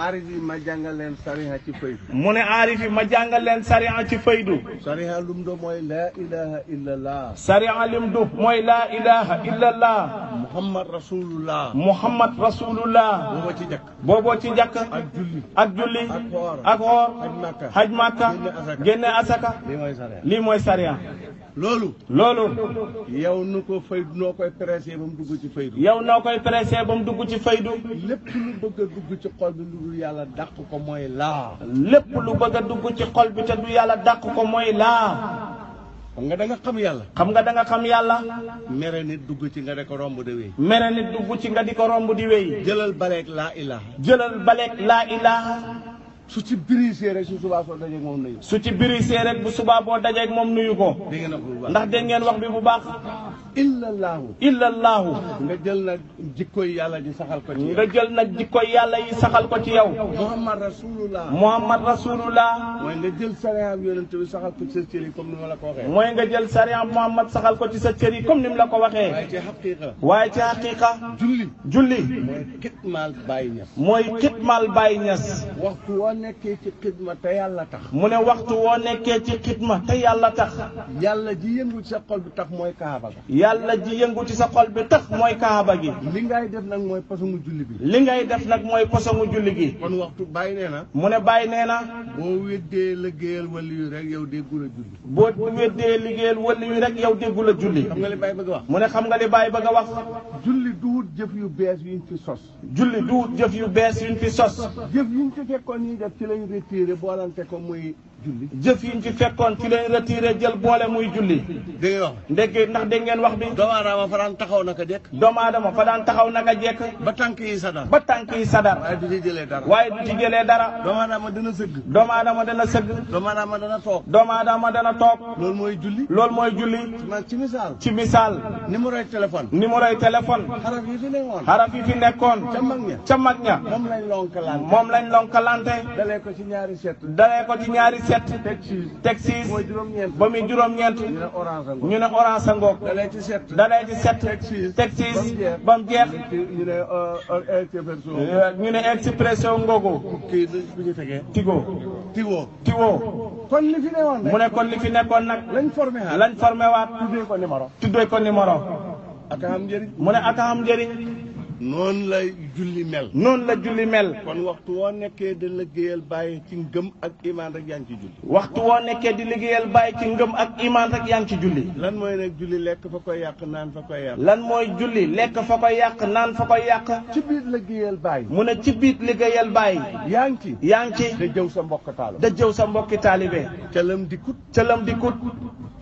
aarif yi ma jàngal leen sariha ci faydu. mu ne aarif yi ma jàngal leen sariha ci faydu. sariha lim do mooy laa ilaha illallah. sariha lim do mooy laa ilaha illallah. muhammad rasulullah. muhammad rasulullah. booboo ci jàkk. booboo ci jàkk. ak julli. ak julli. ak woor. ak woor. haj makka. génne asaka. lii mooy sariha. loolu. loolu. yow nu ko faydu noo koy pressé ba mu dugg ci faydu. yow noo koy pressé ba mu dugg ci faydu. lépp lu bëgg a dugg ci xol bi lu yàlla dàq ko mooy laa. lépp lu bëgg a dugg ci xol bi te du yàlla dàq ko mooy laa. xam nga danga nga xam yàlla. xam nga danga xam yàlla. mere nit dugg ci nga di ko romb di wéy. mere nit dugg ci nga di ko romb di wéy. jëlal baleeg laa ilaha. su ci birisee rek su subaa soo dajeeg moom nuyu. su ci birisee rek bu subaa boo dajeeg moom nuyu ko. ndax dégg ngeen wax bi bu baax. illallahu illallahu nga jël nag jikkoy yàlla di saxal ko ci nga jël nag jikkoy yàlla yi saxal ko ci yow muhammad rasulullah muhammad rasulullah mooy nga jël sariya yonent bi saxal ko ci sa cër yi comme ni ma la ko waxee mooy nga jël sariya muhammad saxal ko ci sa cër yi comme ni mu la ko waxee waaye ci xaqiqa waaye ci xaqiqa julli julli mooy kitmaal bàyyi ñas mooy kitmaal bàyyi ñas waxtu woo nekkee ci xidma te yàlla tax mu ne waxtu woo nekkee ci xidma te yàlla tax yàlla ji yëngu ci sa xol bi tax mooy kaaba ga yàlla ji yëngu ci sa xol bi tax mooy kaaba gi. li ngay def nag mooy mu julli bi. li ngay def nag mooy posongu julli gi. kon waxtu bàyyi nee na. mu ne bàyyi nee na. boo weddee liggéeyal wali yu rek yow déggul a julli. boo weddee liggéeyal wali yu rek yow déggul a julli. xam nga li bàyyi bëgg a wax. mu ne xam nga li bàyyi bëgg a wax. julli duut jëf yu bees yuñ fi sos. julli duut jëf yu bees yu yuñ fi sos. jëf yuñ fi fekkoon ñuy def ci lañ retiré boolante ko muy. jëf yi ñu ci fekkoon ci leen retiré jël boole muy julli. dégg wax ndekki ndax dégg ngeen wax bi. doomu aadama fa daan taxaw naka jekk. doomu aadama fa daan taxaw naka jekk. ba tànk yi sadar. ba tànk yi sadar. waaye du ci jëlee dara. waaye du ci jëlee dara. doomu aadama dana sëgg. doomu aadama dana sëgg. doomu aadama dana toog. doomu aadama dana toog. loolu mooy julli. loolu mooy julli. ci misaal. ci misaal. téléphone. numéro yi téléphone. xaraf yi fi nekkoon. fi nekkoon. ca mag ña. ca mag ña. moom lañ lonkalante. moom lañ lonkalante. dalee ko ci ñaari set. dalee ko ci ñaari set set. teg siis ba muy juróom-ñeent. ñu ne orange sa ngoog. dalee ci set dalee ba mu jeex. ñu ne euh, euh, ñu ne expression ngoogu. kii bi ñu tegee. tigo kon li fi nekkoon mu ne kon li fi nekkoon nag. lañ formé waat lañ formé tuddee ko numéro. tuddee ko numéro. mu ne ak am njëriñ. noonu la julli mel. noonu la julli mel. kon waxtu woo nekkee di liggéeyal bàyyi ci ngëm ak imaan rek yaa ngi ci julli. woo nekkee di liggéeyal bàyyi ci ngëm ak imaan rek julli. lan mooy nag julli lekk fa koy yàq naan fa koy yàq. lan mooy julli lekk fa yàq naan fa yàq. ci biir liggéeyal bàyyi. mu ne ci biir liggéeyal bàyyi. yaa ngi ci yaa ngi ci. da jëw sa mbokk taalibe. da jëw sa mbokk taalibe. calam dikkut. calam dikkut.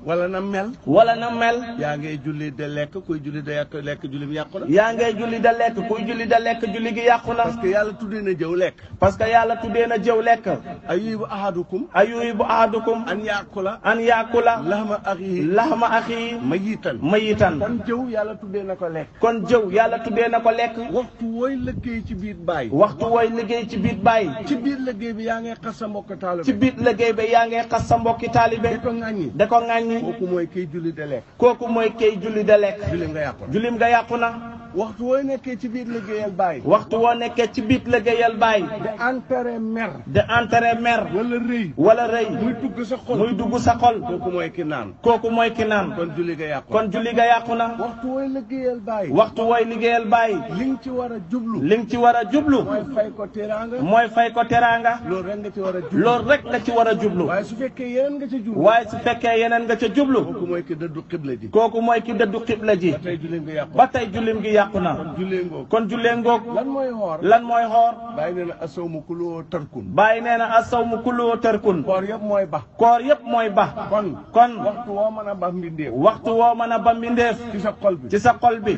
wala na mel. wala na mel. yaa ngay julli de lekk kuy julli de lekk julli bi yàqu na. yaa ngay julli de lekk kuy julli de lekk julli gi yàqu na. parce que yàlla tuddee na jëw lekk. parce que yàlla tuddee na jëw lekk. ayuhibu ahadukum. ayuhibu ahadukum. an yaakula. an yaakula. lahma axiihi. lahma axiihi. mayitan. mayitan. kon jëw yàlla tuddee na ko lekk. kon jëw yàlla tuddee na ko lekk. waxtu wooy liggéey ci biir baay. waxtu wooy liggéey ci biir baay. ci biir liggéey bi yaa ngay xas sa mbokki taalibe. ci biir liggéey bi yaa ngay xas sa mbokki taalibe. da ko ŋàññi Kou kou mwen ke yi juli delek Juli mga yakona waxtu woo nekkee ci biir liggéeyal baay. waxtu woo nekkee ci biir liggéeyal baay. de enterré mer. de enterré mer. wala rëy. wala rëy. muy dugg sa xol muy dugg sa xol. kooku mooy ki naan. kooku mooy ki naan. kon julli ga yàqu kon julli ga yàqu na. waxtu wooy liggéeyal baay. waxtu wooy liggéeyal baay. li nga ci war a jublu. li nga ci war a jublu. mooy fay ko teraanga. mooy fay ko teraanga. loolu rek nga ci war a jublu. rek nga ci war a jublu. waaye su fekkee yeneen nga ca jublu. waaye su fekkee yeneen nga ca jublu. kooku mooy ki dëddu xibla ji. ji. ba tey jullim gi yàqu na. kon jullee ngoog. lan mooy xoor lan mooy xoor. bàyyi nee na asaw mu kuloo tarkun. bàyyi nee na asaw mu kuloo tarkun. koor yëpp mooy ba. koor yëpp mooy ba. kon kon. waxtu woo mën a ba mbindeef. waxtu woo mën a ba mbindeef. ci sa xol bi ci sa xol bi.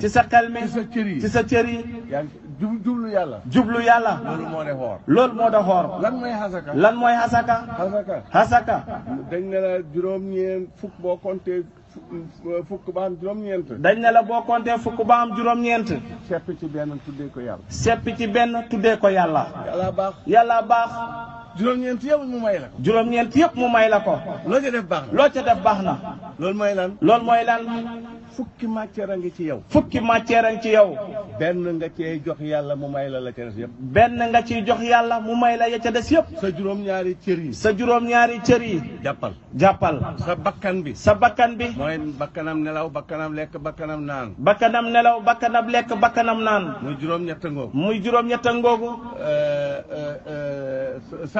ci sa xel sa sa cër yi. jublu yàlla. jublu yàlla. loolu moo de xoor. moo de xoor. lan mooy xasaka. lan juróom-ñeent fukk boo compter. fukk ba juróom-ñeent. dañ ne la boo compté fukk baam am juróom-ñeent. sepp ci benn tuddee ko yalla sepp ci benn tuddee ko yàlla. yàlla baax yàlla baax. juróom-ñeent yëpp mu may la ko. juróom-ñeent yëpp mu may la ko. loo ca def baax na loo ca def baax na. loolu mooy lan. loolu mooy lan. fukki matière a ngi ci yow. fukki matière a ngi ci yow. benn nga cee jox yàlla mu may la la ca des yëpp. benn nga ciy jox yàlla mu may la ya ca des yëpp. sa juróom-ñaari cër yi. sa juróom-ñaari cër yi. jàppal jàppal. sa bakkan bi. sa bakkan bi. mooy bakkanam nelaw bakkanam lekk bakkanam naan. bakkanam nelaw bakkanam lekk bakkanam naan. muy juróom-ñett ngoogu. muy juróom-ñett ngoogu. Euh, euh, euh,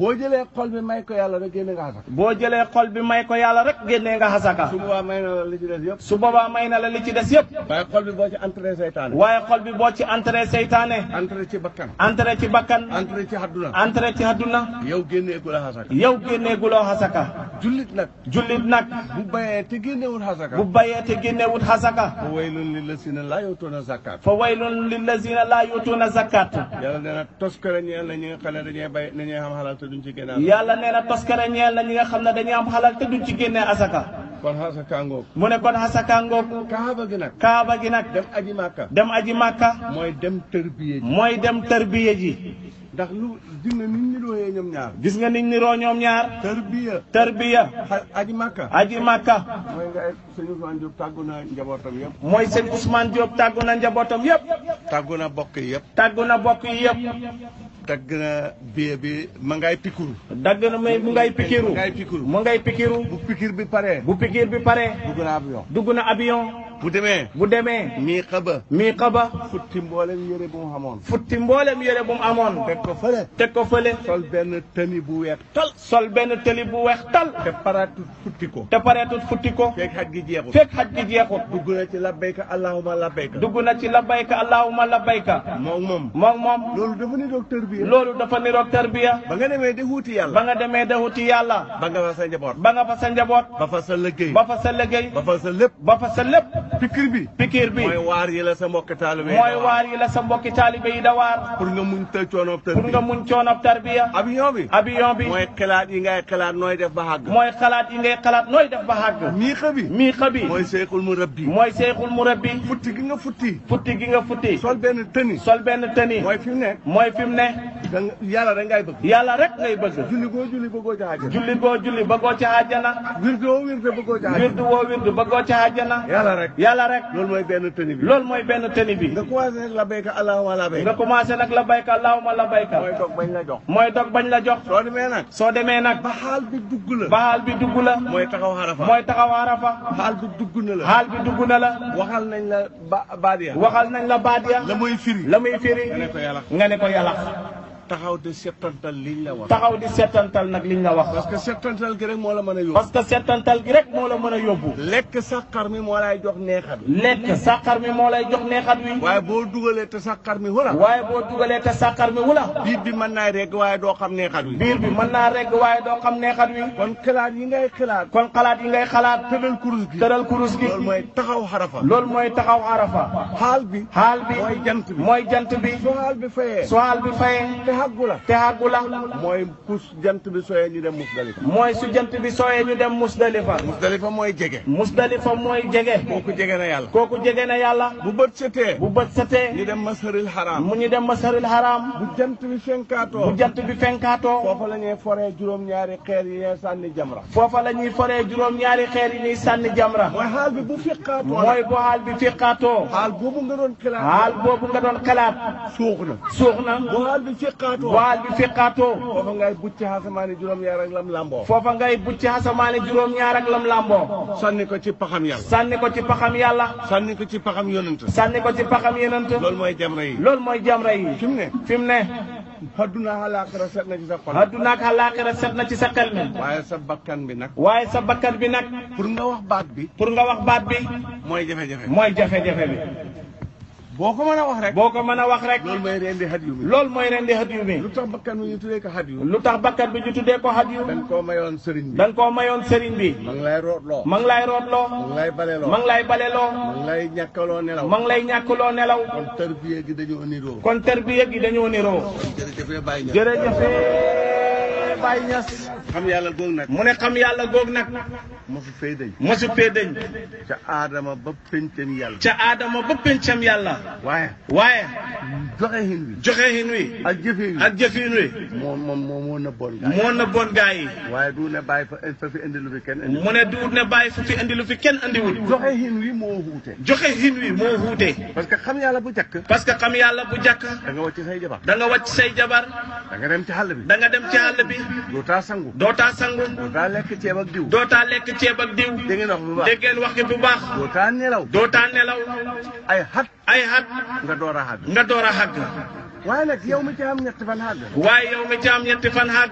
boo jëlee xol bi may ko yàlla rek génne nga xasaka boo jëlee xol bi may ko yàlla rek génne nga xasaka su boobaa may na la li ci des may na la li ci des yëpp waaye xol bi boo ci entré seytaane waaye xol bi boo ci entré seytaane entré ci bakkan entré ci bakkan entré ci hadduna entré ci hadduna yow génnee guloo xasaka yow génnee guloo xasaka jullit nag jullit nag bu bayee te génnewut xasaka bu bayee te génnewut xasaka fa waylun lillazina laa yutuuna zakat fa waylun lillazina na tos ko na ñi duñ ci yàlla nee na toskare ñeel na ñi nga xam ne dañu am xalal te duñ ci génne asaka kon xasaka ngoog mu ne kon xasaka ngoog kaaba gi nag kaaba gi nag dem aji màkka dem aji màkka mooy dem tërbiye ji mooy dem tërbiye ji ndax lu gis nga nit ñi ñoom ñaar gis nga nit ñi roo ñoom ñaar tarbiya tarbiya aji màkka aji màkka mooy nga sëñ Ousmane Diop tàggu na njabootam yëpp mooy sëñ Ousmane Diop tàggu na njabootam yëpp tàggu na bokk yi yëpp tàggu na bokk yi dagg na billet bi ma ngay pikiru. dagg na may mu ngay pikiru mu ngay pikiru. mu ngay pikiru. bu pikir bi paree. bu pikir bi paree. dugg na avion dugg na avion. bu demee bu demee. mii xaba. mii xaba. futti mboolem yére bu mu amoon. futti mboolem yére bu mu amoon. teg ko fële. teg ko fële. sol benn tëni bu weex tal. sol benn tëni bu weex tal. te pareetut futti ko. te pareetut futti ko. fekk xaj gi jeexut. fekk xaj gi jeexut. dugg na ci labbayka allahuma labbayka. dugg na ci labbayka allahuma labbayka. moom moom moom moom. loolu dafa ni docteur bi. loolu dafa niroog tarbiya ba nga demee de wuti yàlla ba nga demee de wuti yàlla ba nga fa sa njaboot ba nga fa sa njaboot ba fa sa liggéey ba fa sa liggéey ba fa sa lépp ba fa sa lépp pikir bi pikir bi mooy waar yi la sa mbokki taalibe mooy waar yi la sa mbokki taalibe yi da waar pour nga muñ ta coonob tarbiya pour nga muñ coonob tarbiya avion bi avion bi mooy xalaat yi ngay xalaat nooy def ba àgg mooy xalaat yi ngay xalaat nooy def ba àgg mii xabi mii xabi mooy seexul mu rabbi mooy seexul mu rabbi futti gi nga futti futti gi nga futti sol benn tëni sol benn tëni mooy fi mu ne mooy fi mu ne yàlla rek ngay bëgg yàlla rek ngay bëgg julli boo julli bëggoo ca àjjana julli boo julli bëggoo ca àjjana wirdu woo wirdu bëggoo ca àjjana wirdu woo wirdu bëggoo ca àjjana yàlla rek rek loolu mooy benn tëni bi loolu mooy benn tëni bi nga commencé nag la bayka allahuma la bayka nga commencé nag la bayka allahuma la bayka mooy dog bañ la jox mooy dog bañ la jox soo demee nag soo demee nag ba xaal bi dugg la ba xaal bi dugg la mooy taxaw arafa mooy taxaw arafa xaal bi dugg na la xaal dugg na la waxal nañ la baadiya waxal nañ la baadiya la muy firi la muy firi nga ne ko yàlla taxaw di settantal liñ la wax. taxaw di settantal nag liñ la wax. parce que settantal gi rek moo la mën a yóbbu. parce que settantal gi rek moo la mën a yóbbu. lekk sàqar mi moo lay jox neexat. lekk sàqar mi moo lay jox neexat wi. waaye boo dugalee te sàqar mi wula. waaye boo dugalee te sàqar mi wula. biir bi mën naa reg waaye doo xam neexat wi. biir bi mën naa reg waaye doo xam neexat wi. kon xalaat yi ngay xalaat. kon xalaat yi ngay xalaat. tëral kurus gi tëral kurus gi. loolu mooy taxaw arafa. loolu mooy taxaw arafa. xaal bi. xaal bi mooy jant bi mooy jant bi. soxaal bi fayee. soxaal bi fayee. xàggu la te xàggu la mooy kus jant bi sooyee ñu dem musdalifa mooy su jant bi sooyee ñu dem musdalifa musdalifa mooy jege musdalifa mooy jege kooku jege na yàlla kooku jege na yàlla bu bët setee bu bët setee ñu dem masaril haram mu ñu dem masaril haram bu jant bi fenkaatoo bu jant bi fenkaatoo foofa la ñuy foree juróom-ñaari xeer yi ñuy sànni jamra foofa la ñuy foree juróom-ñaari xeer yi ñuy sànni jamra mooy xaal bi bu fiqaatoo mooy bu xaal bi fiqaatoo xaal boobu nga doon xalaat xaal boobu nga doon xalaat suux na suux na bu xaal bi fiqaatoo fiqaatoo waal bi fiqaatoo foofa ngay bucci xasamaani juróom-ñaar ak lam lamboo foofa ngay bucci xasamaani juróom-ñaar ak lam lamboo sànni ko ci paxam yàlla sànni ko ci paxam yàlla sànni ko ci paxam yonent sànni ko ci paxam yonent loolu mooy jamra yi loolu mooy jamra yi fi mu ne fi mu ne hadduna ak àllaaxira set na ci sa xol hadduna ak àllaaxira set na ci sa xel mi waaye sa bakkan bi nag waaye sa bakkan bi nag pour nga wax baat bi pour nga wax baat bi mooy jafe-jafe jafe-jafe bi boo ko mën a wax rek. boo ko mën a wax rek. loolu mooy rendi hadiyu bi. loolu mooy rendi hadiyu bi. lu tax bakkan bi ñu tuddee ko hadiyu. lu tax bakkan bi ñu tuddee ko hadiyu. dañ koo mayoon sëriñ bi. dañ koo mayoon sëriñ bi. ma ngi lay rootloo. ma ngi lay rootloo. ma ngi lay baleloo. ma ngi lay baleloo. ma ngi lay ñàkkaloo nelaw. ma ngi lay ñàkkaloo nelaw. kon tarbiya gi dañoo niroo. kon tarbiya gi dañoo niroo. jërëjëf Baye Niass. jërëjëf Baye Niass. xam yàlla goog nag. mu ne xam yàlla goog nag. mosu fee dañ mosu fee dañ ca aadama ba pencam yàlla ca aadama ba pencam yàlla waaye waaye joxe hin wi joxe hin wi ak jëfin wi ak jëfin wi moo moom moo moo na bon gaa yi moo na bon gaa yi waaye du ne bàyyi fa fi indi lu fi kenn mu ne du ne bàyyi fa fi indi lu kenn indiwul joxe hin wi moo xuute joxe hin wi moo xuute parce que xam yàlla bu jàkk parce que xam yàlla bu jàkk da nga say jabar da nga wàcc say jabar da dem ci àll bi da nga dem ci bi doo taa sangu doo taa ceeb ak diw doo taa lekk ceeb ak diw. da ngeen wax bu baax da ngeen wax bu baax. doo taa nelaw doo taa nelaw. ay xat ay xat. nga door a xàgg nga door a xàgg. waaye nag yow mi ci am ñetti fan xàgg. waaye yow mi ci am la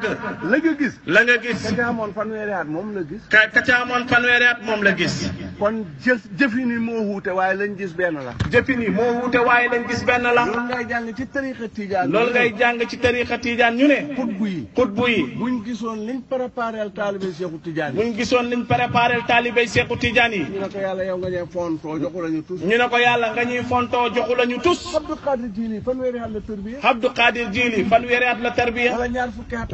nga gis. la nga gis ka ca amoon fanweeri moom la gis. ka ka ca amoon fanweeri moom la gis. kon jëf jëfin yi moo wuute waaye lañ gis benn la. jëfin yi moo wuute waaye lañ gis benn la. loolu ngay jàng ci tariixa tiijaan. loolu ngay jàng ci tariixa tiijaan ñu ne. xutbu yi xutbu yi. buñ gisoon liñ préparé taalibey Seexu Tiijaan yi. buñ gisoon liñ préparé taalibey Seexu Tiijaan yi. ñu ne ko yàlla yow nga ñuy fontoo joxu lañu tus. ñu ne ko yàlla nga ñuy fontoo joxu lañu tus. Abdou Khadir Jili fanweeri at la tarbiya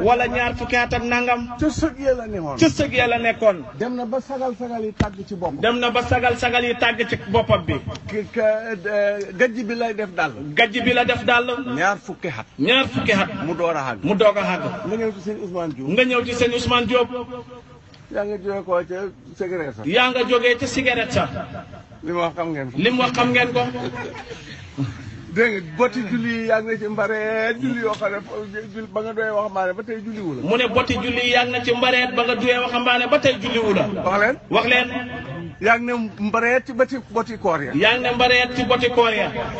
wala ñaar fukki at ak nangam ca sëg a la sëg ya nekkoon dem na ba sagal sagal yi tàgg ci boppam dem na ba sagal sagal yi boppam bi eh, gajj bi lay def dàll gajj bi la def dàll ñaar fukki at ñaar fukki at mu door a mu doog a àgg nga ñëw ci nga ñëw ci sëñ Ousmane Diop yaa nga jógee koo ca cigarette sax yaa nga jógee ca wax xam ngeen ko dégg nga botti julli yaa na ci mbareet julli ba waxambaane ba tey julli wu la mu ne botti julli yaa ngi na ci mbareet ba nga doyee waxambaane ba tey julli wu la wax leen wax leen yaa ngi ne mbareet ci bati boti koor ya yaa ngi ne mbareet ci boti koor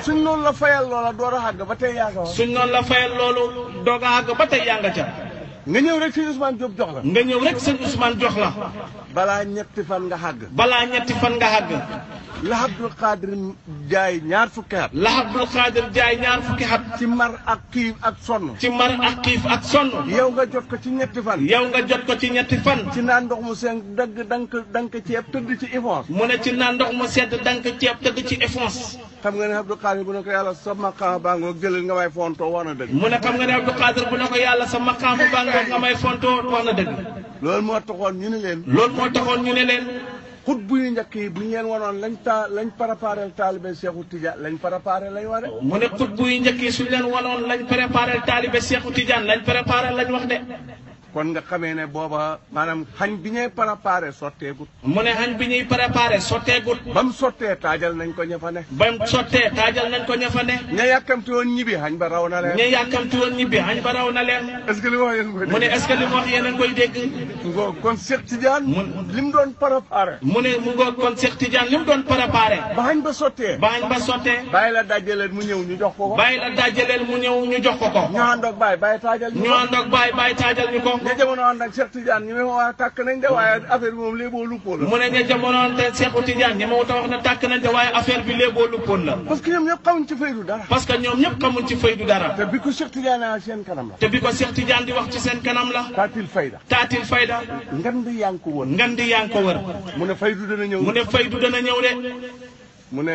suñ noonu la fayal loola door a àgg ba tey yaa nga suñ noonu la fayal loolu doog a àgg ba tey ca nga ñëw rek sëñ Ousmane Diop jox la. nga ñëw rek sëñ Ousmane jox la. balaa ñetti fan nga xàgg. balaa ñetti fan nga xàgg. la Abdul Qadir jaay ñaar fukki at. la Abdul Qadir jaay ñaar fukki at. ci mar ak xiif ak sonn. ci mar ak xiif ak sonn. yow nga jot ko ci ñetti fan. yow nga jot ko ci ñetti fan. ci naan ndox mu sedd dagg dank dank ceeb tëdd ci Eiffage. mu ne ci naan ndox mu sedd dank ci xam nga ne Abdul Qadir bu ne ko yàlla sa maqaam baa nga jëlal nga waay fontoo war mu ne xam nga ne Abdul Qadir bu ne ko yàlla sa fekk nga may fontoo wax na dëgg. loolu moo taxoon ñu ne leen. loolu moo taxoon ñu ne leen. xut bu yu njëkk yi bu ñu leen wanoon lañ taa lañ préparé taalibe Seexu Tijaan lañ préparé lañ wax mu ne xut bu yu njëkk yi suñ leen wanoon lañ préparé taalibe Seexu Tijaan lañ préparé lañ wax de. kon nga xamee ne booba maanaam xañ bi ñuy préparé sotteegut mu ne xañ bi ñuy préparé sotteegut ba mu sottee taajal nañ ko ña fa ne ba mu sottee taajal nañ ko ña fa ne ña yàkkamti woon ñibbi xañ ba raw na leen ña yàkkamti woon ñibbi xañ ba raw na leen est-ce que li wax yéen koy mu ne est-ce que li mu wax yéen a koy dégg ngoog kon Cheikh Tidiane li mu doon préparé mu ne mu ngoog kon Cheikh Tidiane li mu doon préparé ba xañ ba sottee ba xañ ba sottee bàyyi la dajaleel mu ñëw ñu jox ko ko bàyyi la dajaleel mu ñëw ñu jox ko ko ñu àndoog bàyyi bàyyi taajal ñu àndoog bàyyi bàyyi taajal ñu ko de waaye affaire bi moom léeboo luppoon la mu ne ña jamonoon te ñoom ñëpp xamuñ faydu dara parce que ñoom ñëpp xamuñ ci faydu kanam la taatil fayda ngan di yaa ngi ko faydu dana ñëw ne mu ne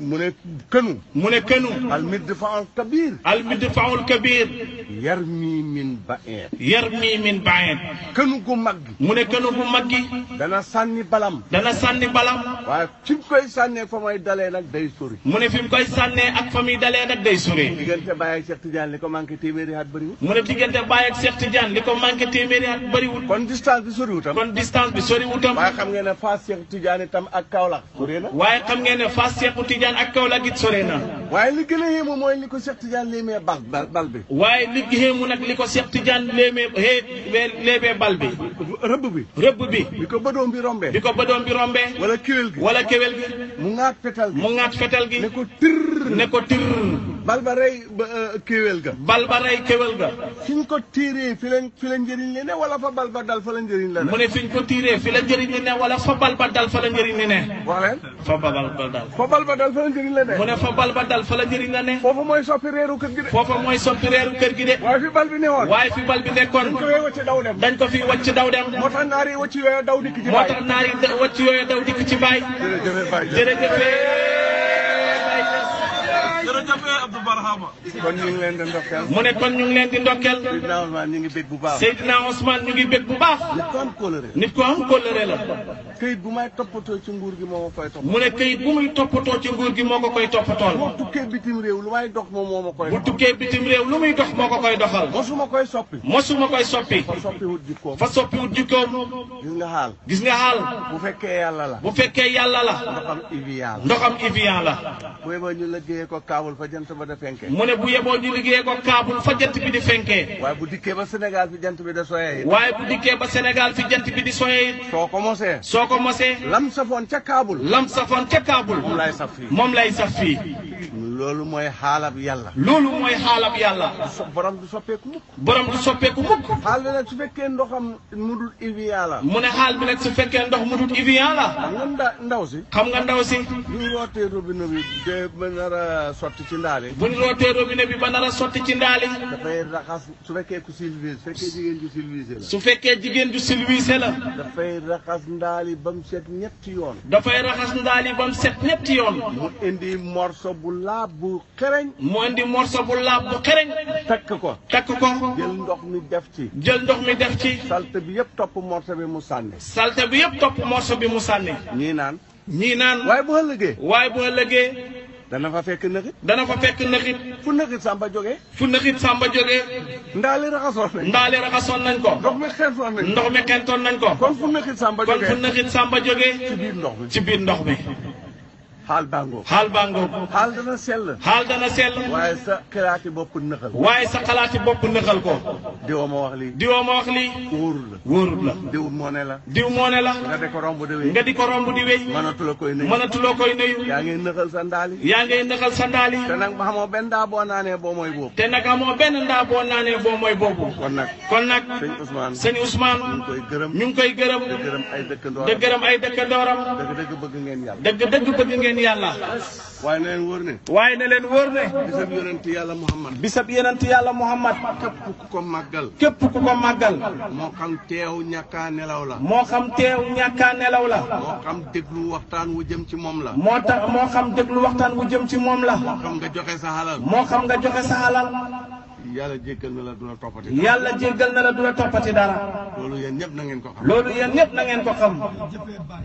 mu ne kanu mu ne kanu المدفع الكبير المدفع الكبير يرمي من بعيد يرمي من بعيد kanu gu mag mu ne kanu gu mag gi dana sànni balam dana sànni balam waaye fi mu koy sànnee fa muy dalee nag day sori mu ne fi mu koy sànnee ak fa muy dalee nag day sori diggante Baye ak Cheikh Tidiane li ko manqué téeméeri at bëriwul mu ne diggante Baye ak Cheikh Tidiane li ko manqué téeméeri at bëriwul kon distance bi soriwutam kon distance bi soriwutam waaye xam ngeen ne Fass Cheikh Tidiane itam ak Kaolack sori na waaye xam ngeen ne Fass Cheikh Tidiane ak Kaolack it sori na waaye li gën a yéemu mooy li ko Cheikh Tidiane léemee bal bal bi waaye li yéemu nag li ko Cheikh Tidiane léemee léemee bal bi rëbb bi rëbb bi bi ko bëdoom bi rombee bi ko bëdoom bi rombee wala kileel gi wala kéwél gi mu ŋaat fetal gi mu ŋaat fetal gi ne ko tirr ne ko tirr bal ba rey kéwél ga bal ba rey kéwél ga fiñ ko tiiree fi la fi la njëriñ li ne wala fa bal ba dal fa la njëriñ la ne mu ne fiñ ko tiiree fi la njëriñ li ne wala fa bal ba dal fa la njëriñ li ne wax leen fa bal ba dal fa bal ba dal fa la njëriñ la ne mu ne fa bal ba dal fa la njëriñ la ne foofu mooy soppi reeru kër gi de foofu mooy soppi reeru kër gi de waaye fi bal bi newoon waaye fi bal bi nekkoon dañ ko fi wàcc daw dem moo tax naar yi wàcc yooyu daw dikk ci baay Diagne jërëjëf jërëjëf Abdou Barhama. kon ñu mu ne kon ñu ngi leen bu baax. Seydina bu baax. nit ko am kóllëre. nit ko am kóllëre la. këyit ci nguur gi moo ma koy toppatoo. mu ne këyit bu muy toppatoo ci nguur gi moo ko koy toppatool. bu tukkee bitim réew lu may dox moom moo ma koy. bu tukkee bitim réew lu muy dox moo ko koy doxal. mosuma koy soppi. koy soppi. fa soppiwut jikkoom. fa soppiwut jikkoom. gis nga xaal. gis nga xaal. bu fekkee yàlla la. bu fekkee yàlla la. ndoxam Evian ndoxam Evian la. kaabul da fenkee mu ne bu yeboo ñu liggéey ko kaabul fa jant bi di fenkee waaye bu dikkee ba Sénégal fi jant bi da soyee waaye bu dikkee ba Sénégal fi jant di soyee it soo ko mosee soo ko mosee lam safoon ca kaabul lam safoon ca kaabul moom lay fii loolu mooy xaalab yàlla. loolu mooy xaalab yàlla. borom du soppeeku mukk. borom du soppeeku mukk. xaal bi nag su fekkee ndoxam mu dul Evian la. mu ne xaal bi nag su fekkee ndox mu dul Evian la. xam nga ndaw si. xam nga ndaw si. bu ñu rootee robinet bi de ba nar a sotti ci ndaale. bu ñu rootee robinet bi ba nar a sotti ci ndaale. dafay raxas su fekkee ku silvise su fekkee jigéen ju silvise la. su fekkee jigéen ju silvise la. dafay raxas ndaali ba mu set ñetti yoon. dafay raxas ndaali ba mu set ñetti yoon. mu indi morso bu laa laab bu xereñ. mu andi morso bu laab bu xereñ. takk ko takk ko. jël ndox mi def ci. jël ndox mi def ci. salte bi yëpp topp morso bi mu sànni. salte bi yëpp topp morso bi mu sànni. ñii naan. ñii naan. waaye bu ëllëgee. waaye bu ëllëgee. dana fa fekk nëxit. dana fa fekk nëxit. fu nëxit sàmba jógee. fu nëxit sàmba jógee. ndaale raxasoon nañ. ndaale raxasoon nañ ko. ndox mi xentoon nañ ko. ndox mi xentoon nañ ko. kon fu nëxit sàmba jógee. kon fu nëxit sàmba ci biir ndox mi ci biir ndox mi. xaal bàngoog xaal bàngoog xaal dana sell xaal dana sell waaye sa xalaati bopp nëxal waaye sa xalaati bopp nëxal ko diwoo ma wax lii diwoo ma wax lii wóorul la wóorul la diw moo la diw moo ne la nga di ko romb di wéy nga di ko romb di wéy mënatuloo koy nuyu yaa ngay nëxal sa ndaali yaa ngay nëxal sa ndaali te nag xamoo benn ndaa boo naanee boo mooy boobu te nag amoo benn ndaa boo naanee boo mooy boobu kon nag kon nag sëñ Ousmane sëñ Ousmane ñu ngi koy gërëm ñu ngi koy gërëm de gërëm ay dëkkandooram de gërëm leen yàlla. waaye na leen wóor waaye na leen wóor ne. bisab yonent yàlla Muhammad. bisab yonent yàlla Muhammad. képp ku ko màggal. képp ku ko màggal. moo xam teew ñàkkaa nelaw la. moo xam teew ñàkkaa nelaw la. moo xam déglu waxtaan wu jëm ci moom la. moo tax moo xam déglu waxtaan wu jëm ci moom la. moo xam nga joxe sa alal. moo xam nga joxe sa yàlla jéggal na la la toppati dara. na la du la toppati dara. loolu yéen ñëpp na ngeen ko xam. loolu yéen ñëpp na ngeen ko xam.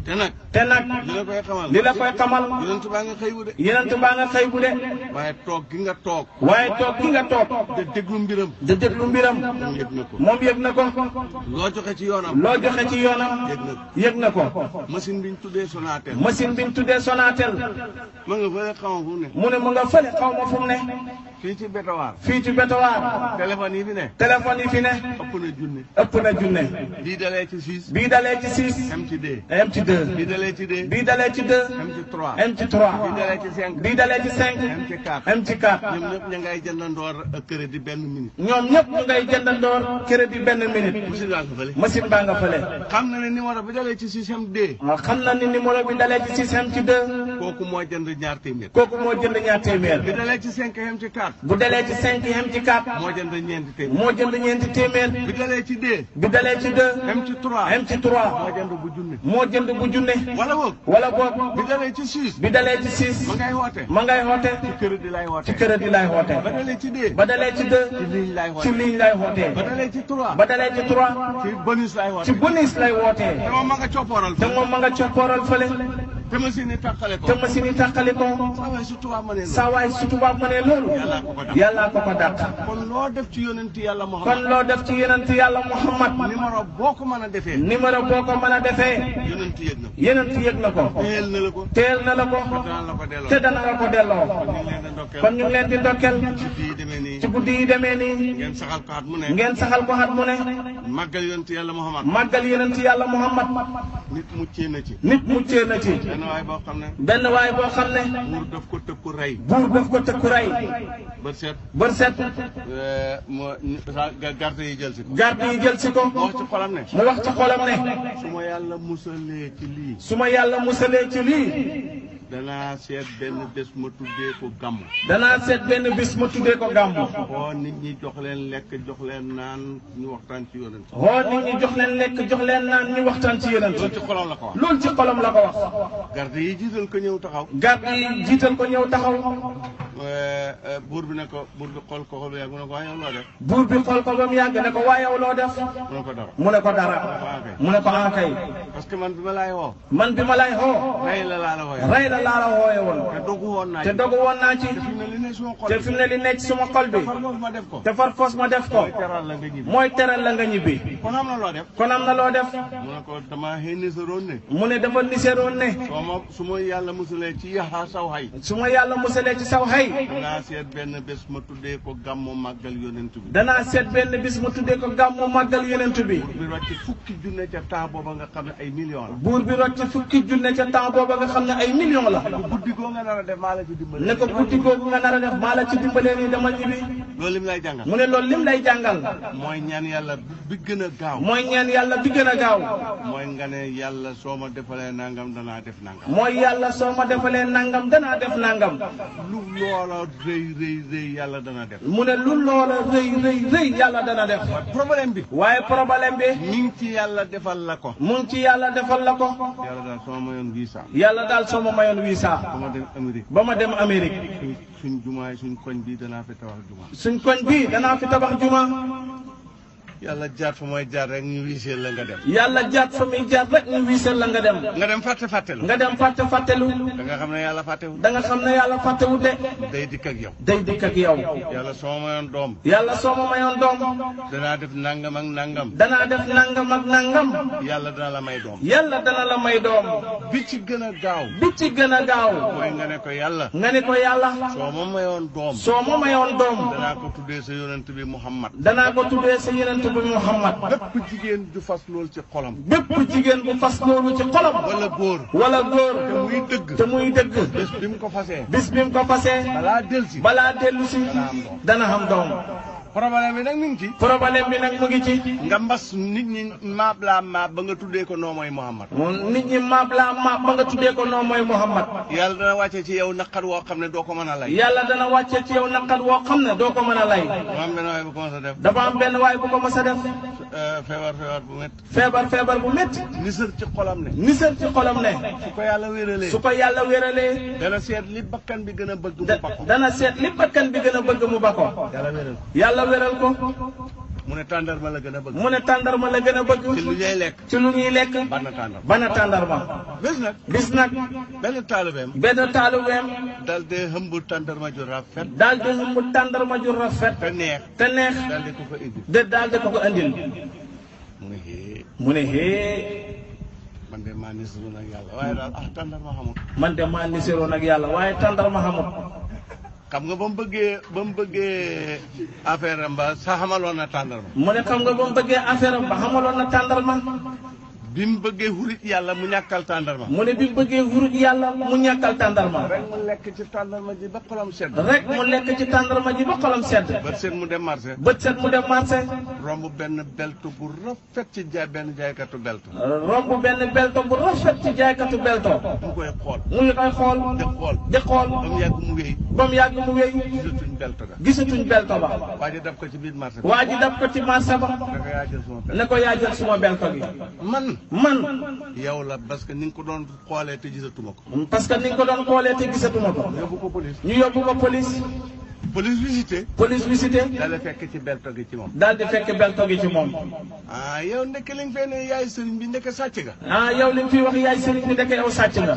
te nag. te nag li la koy xamal li la koy xamal. yeneen tubaa nga xëy bu de. yeneen tubaa nga xëy bu de. waaye toog gi nga toog. waaye toog gi nga toog. da déglu mbiram. da déglu mbiram. moom yëg na ko moom yëg na ko. loo joxe ci yoonam. loo joxe ci yoonam. yëg na ko machine bi ñu tuddee Sonatel. machine bi ñu tuddee Sonatel. mu nga fële xaw ma fu mu ne. mu ne mu nga fële xaw ma fu ne. fii ci Betawaar. téléphone yi fi ne. téléphone yi fi ne. ëpp na junne. ëpp na junne. bii dalee ci six. bii dalee ci six. m ci deux. m ci deux. m ci trois. m ci trois. cinq. m ci quatre. m ci quatre. ñoom ñëpp benn bi dalee ci six m deux. xam na ne numéro bi m ci deux. kooku moo jënd ñaar téeméer. kooku bi dalee ci cinq m ci quatre. moo jënd ñeenti téeméer moo jënd ñeenti téeméer bi dalee ci deux bi dalee ci deux même ci trois même ci trois moo jënd bu junne moo jënd bu junne wala boog wala boog bi dalee ci six bi dalee ci six ma ngay woote ma ngay woote ci kër di lay woote ci kër di lay woote ba dalee ci deux ba dalee ci deux ci ligne lay woote ci ligne lay woote ba dalee ci trois ba dalee ci trois ci bonus lay woote ci bonus lay woote te moom ma nga coppooral te moom ma nga coppooral fële te ma si ni tàqale ko waay su tubaab ma ko ko dàq kon loo def ci yonent yàlla Muhammad. Muhammad. numéro boo ko a ko mën defee. yonent yëg na ko teel na la ko teel na la ko. te dana ko delloo. kon ñu leen di ndokkeel. nii ci guddi yi demee nii ngeen saxal ko at mu ne ngeen saxal ko at mu ne màggal yonent yàlla Muhammad màggal yonent yàlla Muhammad nit muccee na ci nit muccee na ci benn waay boo xam ne benn waay boo xam ne buur daf ko tëkku rey buur daf ko tëkku rey bër set bër set garde yi jël si ko garde yi jël si ko mu wax ci xolam ne mu wax ci xolam ne su ma yàlla musalee ci lii su ma yàlla musalee ci lii danaa seet benn bés ma tuddee ko gàmmu. danaa seet benn bés ma tuddee ko gàmmu. oo nit ñi jox leen lekk jox leen naan ñu waxtaan ci yonent. oo nit ñi jox leen lekk jox leen naan ñu waxtaan ci yonent. loolu ci xolam la ko wax. loolu ci xolam la ko wax. garde yi jiital ko ñëw taxaw. garde yi jiital ko ñëw taxaw. Eh, eh, buur bi ne ko buur bi ko ba mu yàgg ne ko waaye def. mu ne ko dara mu ne ko dara. Ah, ah, parce que man bi ma laay woo. man bi ma laay woo. rey la laa la wooyee. rey la laa la wooyee woon. te dogu woon naa ci te dogu ne suma xol bi. te far fos ma def ko. mooy teral la nga ñibbi. kon am na loo def. kon am na loo def. mu ne ko dama xëy niseroon ne. mu ne dama niseroon ne. soo ma su ma yàlla musalee saw xay. su ma yàlla musalee ci saw xay. danaa seet benn bés ma tuddee ko gàmmu màggal yonent bi. danaa seet benn bés ma tuddee ko gàmmu màggal yonent bi. buur bi rocc fukki junne ca temps booba nga xam ne ay millions la. buur bi rocc fukki junne ca temps booba nga xam ne ay millions la. ne ko guddi nga nar a def maa la ci dimbale. ne ko guddi googu nga nar a def maa la ci dimbale nii dama ñibbi. loolu lim lay jàngal. mu ne loolu lim lay jàngal. mooy ñaan yàlla bi gën a gaaw. mooy ñaan yàlla bi gën a gaaw. mooy nga ne yàlla soo ma defalee nangam danaa def nangam. mooy yàlla soo ma defalee nangam danaa def nangam. lu lool loola rëy rëy dana def. mu ne lu yàlla dana def. problème bi. waaye problème bi. mi ngi ci yàlla defal la ko. mu ngi ci yàlla defal la ko. yàlla daal soo ma mayoon visa. yàlla daal soo ma mayoon visa. ba ma dem Amérique. ba ma dem Amérique. suñ jumaa suñ suñ koñ bi danaa fi tabax jumaa. yalla jaat fa moy jaat rek ñu wissel la nga dem yalla jaat fa muy jaat rek ñu wissel la nga dem nga dem fatte fatelu nga dem fatte fatelu da nga xamne yalla wu da nga xamne yalla wu de day dik ak yow day dik ak yow yalla soma yon dom yalla ma yon dom dana def nangam ak nangam dana def nangam ak nangam yalla dana la may dom yalla dana la may dom bi ci gëna gaaw bi ci gëna gaaw moy nga ne ko yalla nga ne ko yalla ma yon dom ma yon dom dana ko tuddé sa yonent bi muhammad dana ko tuddé sa yonent bu Muhammad bépp jigéen ju fas loolu ci xolam bépp jigéen bu fas loolu ci xolam wala góor wala góor muy dëgg te muy dëgg bis ko fasee bis bi mu ko fasee balaa dellu si balaa dellu si dana xam doom problème bi nag mu ngi ci. problème bi nag mu ngi ci. nga mbas nit ñi maab laa maab ba nga tuddee ko noo mooy Muhammad. nit ñi maab laa maab ba nga tuddee ko noo mooy Muhammad. yàlla dana wàcce ci yow naqar woo xam ne doo ko mën a lay. yàlla dana wàcce ci yow naqar woo xam ne doo ko mën a lay. dafa am benn waay bu ko mës a def. dafa am benn bu ko mës a def. feebar euh, feebar feebar bu métti. nisër ci xolam ne. nisër ci xolam ne. su ko yàlla wéralee. su ko yàlla wéralee. dana seet li bakkan bi gën a bëgg mu bakko. dana seet li bakkan bi gën a bëgg mu weral ko mu ne tàndarma la gën a bëgg mu ne tàndarma la gën a bëgg ci lu ñuy lekk ci lu ñuy lekk bana tàndarma bana tàndarma bis nag bis nag benn taalibeem benn taalibeem daal di hëmb tàndarma ju rafet daal di hëmb tàndarma ju rafet te neex te neex daal di ko ko indil de daal di ko ko indil mu ne hee mu ne hee man de maa nisiroon ak yàlla waaye daal ah tàndarma xamut man de maa nisiroon ak yàlla waaye tàndarma xamut xam nga ba mu bëggee ba mu bëggee affaire am ba sa xamaloon na tàndarma. mu ne xam nga ba mu bëggee affaire am ba xamaloon na tàndarma. bi mu bëggee wuruj yàlla mu ñàkkal tàndarma. mu ne bi mu bëggee wuruj yàlla mu ñàkkal tàndarma. rek mu lekk ci tàndarma ji ba xolam sedd. rek mu lekk ci tàndarma ji ba xolam sedd. bët set mu dem marché. bët set mu dem marché. romb benn belto bu rafet ci jaay benn jaaykatu belto. romb benn belto bu rafet ci jaaykatu belto. mu koy xool. mu ngi koy xool. di xool di xool. ba mu yàgg mu wéy. ba mu yàgg mu wéy. gisatuñ belto ba. waa ji dab ko ci biir marché ba. waa ji dab ko ci marché ba. ne ko yaa suma belto man yow la parce que ni nga ko doon xoolee te gisatuma ko. parce que ni nga ko doon xoolee te gisatuma ko. ñu yóbbu ko police. ñu yóbbu ko police. police visité. police visité. daal fekk ci belto gi ci moom. daal di fekk belto gi ci moom. ah yow ndeke li nga yaay sëriñ bi ndeke sàcc nga. ah yow li nga fi wax yaay sëriñ bi ndeke yow sàcc nga.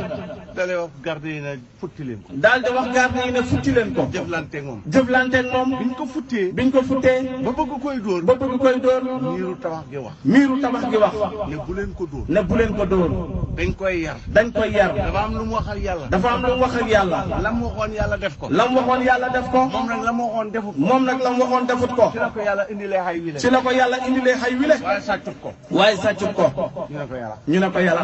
dalee wax garde yi ne futti leen ko. daal di wax garde yi ne futti leen ko. jëflanteeg moom jëflanteeg moom. biñ ko futtee biñ ko futtee. ba bëgg koy dóor. ba bëgg koy dóor. miiru tabax gi wax. miiru tabax gi wax. ne leen ko dóor. ne leen ko dóor. dañ koy yar. dañ koy yar. dafa am lu mu wax ak yàlla. dafa am lu mu wax ak yàlla. la mu waxoon yàlla def ko. la mu waxoon yàlla def ko. moom nag la mu waxoon ko. moom nag la mu waxoon defut ko. ci la yàlla indile ay wile. ci la ko yàlla indilee xay wile. waaye sàccut ko. waaye sàccut ko. ñu ne ko yàlla.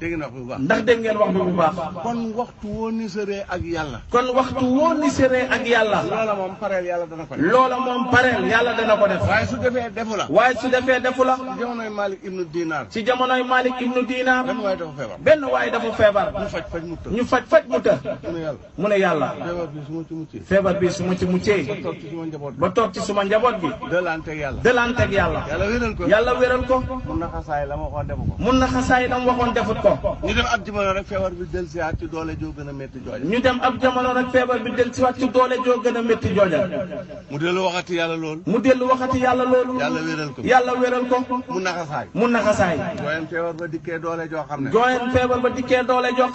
dégg ngeen wax bu baax ndax dégg ngeen wax ma bu baax kon waxtu woo ni sëree ak yàlla kon waxtu woo ni sëree ak yàlla loola moom pareel yàlla dana ko def loola moom pareel yàlla dana ko def waaye su defee defu la waaye su defee defu la ci jamonoy malik ibnu dinar ci jamonoy malik ibnu dinar benn waaye dafa feebar benn waaye dafa feebar ñu faj faj mu tër ñu faj faj mu tër mu ne yàlla mu ne yàlla feebar bi su ma ci muccee feebar bi su ma ci muccee ba toog ci suma njaboot bi dëlanteeg yàlla dëlanteeg yàlla yàlla wéral ko yàlla wéral ko mun na xasaay la ma waxoon defu ko mun na xasaay la ma waxoon ko ko. ñu dem ab jamono rek feebar bi del siwaat ci doole joo gën a métti jooja. ñu dem ab jamono rek feebar bi del siwaat ci doole joo gën a métti jooja. mu dellu waxati yàlla loolu. mu dellu waxati yàlla loolu. yàlla wéral ko mu naxasaay mu naxasaay. jooyam feebar ba dikkee doole joo xam ne. jooyam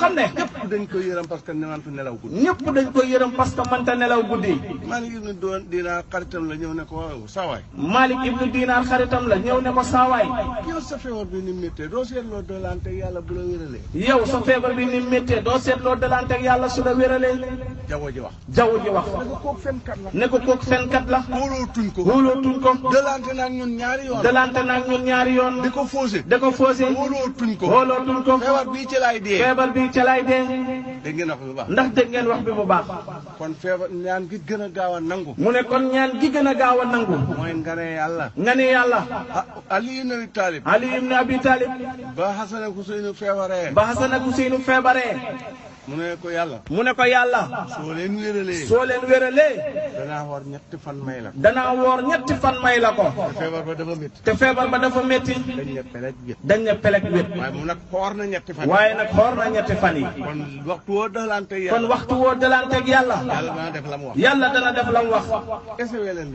dañ koy yërëm parce que nelaw guddi. ñëpp dañ koy yërëm parce que nelaw guddi. Malick Ibnu Dinaar xaritam la ñëw ne ko saawaay. Malick Ibnu Dinaar xaritam la ñëw yow sa feebar bi ni méttee doo seetloo dalante ak yàlla su la wéralee. jaww ji wax jaww ji wax. ne ko kook fenkat la ne ko kook fenkat la. wóolootuñ ko wóolootuñ ko. dalante naag ñun ñaari yoon. dalante naag ñun ñaari yoon. di ko fausser. di ko fausser. wóolootuñ ko wóolootuñ ko. feebar bii ci laay dee. feebar bii ci laay dee. dégg ngeen wax bi bu baax ndax dégg ngeen wax bi bu baax kon feebar ñaan gi gën a gaaw a nangu mu ne kon ñaan gi gën a gaaw a nangu mooy nga ne yàlla nga ne yàlla Ali ibn Abi Talib Ali ibn Abi Talib ba Hasan ak Useynu feebaree ba Hasan ak Useynu feebaree mu ne ko yàlla. mu ne ko yàlla. soo leen wéralee. soo leen wéralee. woor ñetti fan may la ko. danaa woor ñetti fan may la ko. te feebar ba dafa métti. te feebar ba dafa métti. dañ ne pelek wét. dañ ne pelek wét. na ñetti fan. waaye nag xoor na ñetti fan yi. kon waxtu woo dalanteeg yàlla. kon waxtu woo dalanteeg yàlla. yàlla dana def la mu wax. yàlla dana def la mu wax. essayé leen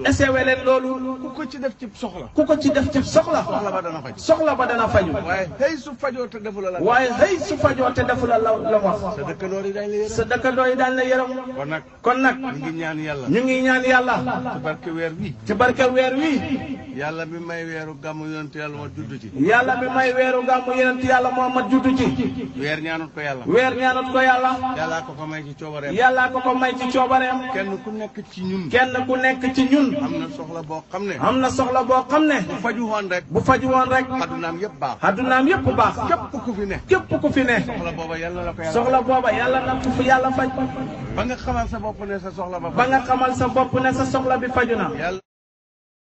loolu. essayé ku ko ci def ci soxla. ku ko ci def ci soxla. soxla ba dana faj. soxla ba dana faju. waaye xëy su fajoo te defu la la wax. dëkkandoo yi daañu la yërëm. sa dëkkandoo yi daañu la yërëm. kon nag kon nag. ngi ñaan yàlla. ñu ngi ñaan yàlla. ci barke weer wi. ci barke weer wi. yàlla bi may weeru gàmmu yonent yàlla moo judd ci. yàlla bi may weeru gàmmu yonent yàlla moo ma judd ci. weer ñaanut ko yàlla. weer ñaanut ko yàlla. yàllaa ko ko may ci coobareem. yàllaa ko ko may ci coobareem. kenn ku nekk ci ñun. kenn ku nekk ci ñun. am na soxla boo xam ne. am na soxla boo xam ne. bu faju woon rek. bu faju woon rek. addunaam yëpp baax. addunaam yëpp baax. képp ku fi ne. képp ku fi ne. soxla booba yàlla la yàlla na ko yàlla faj. ba nga xamal sa bopp ne sa soxla ba. ba nga xamal sa bopp ne sa soxla bi faju na.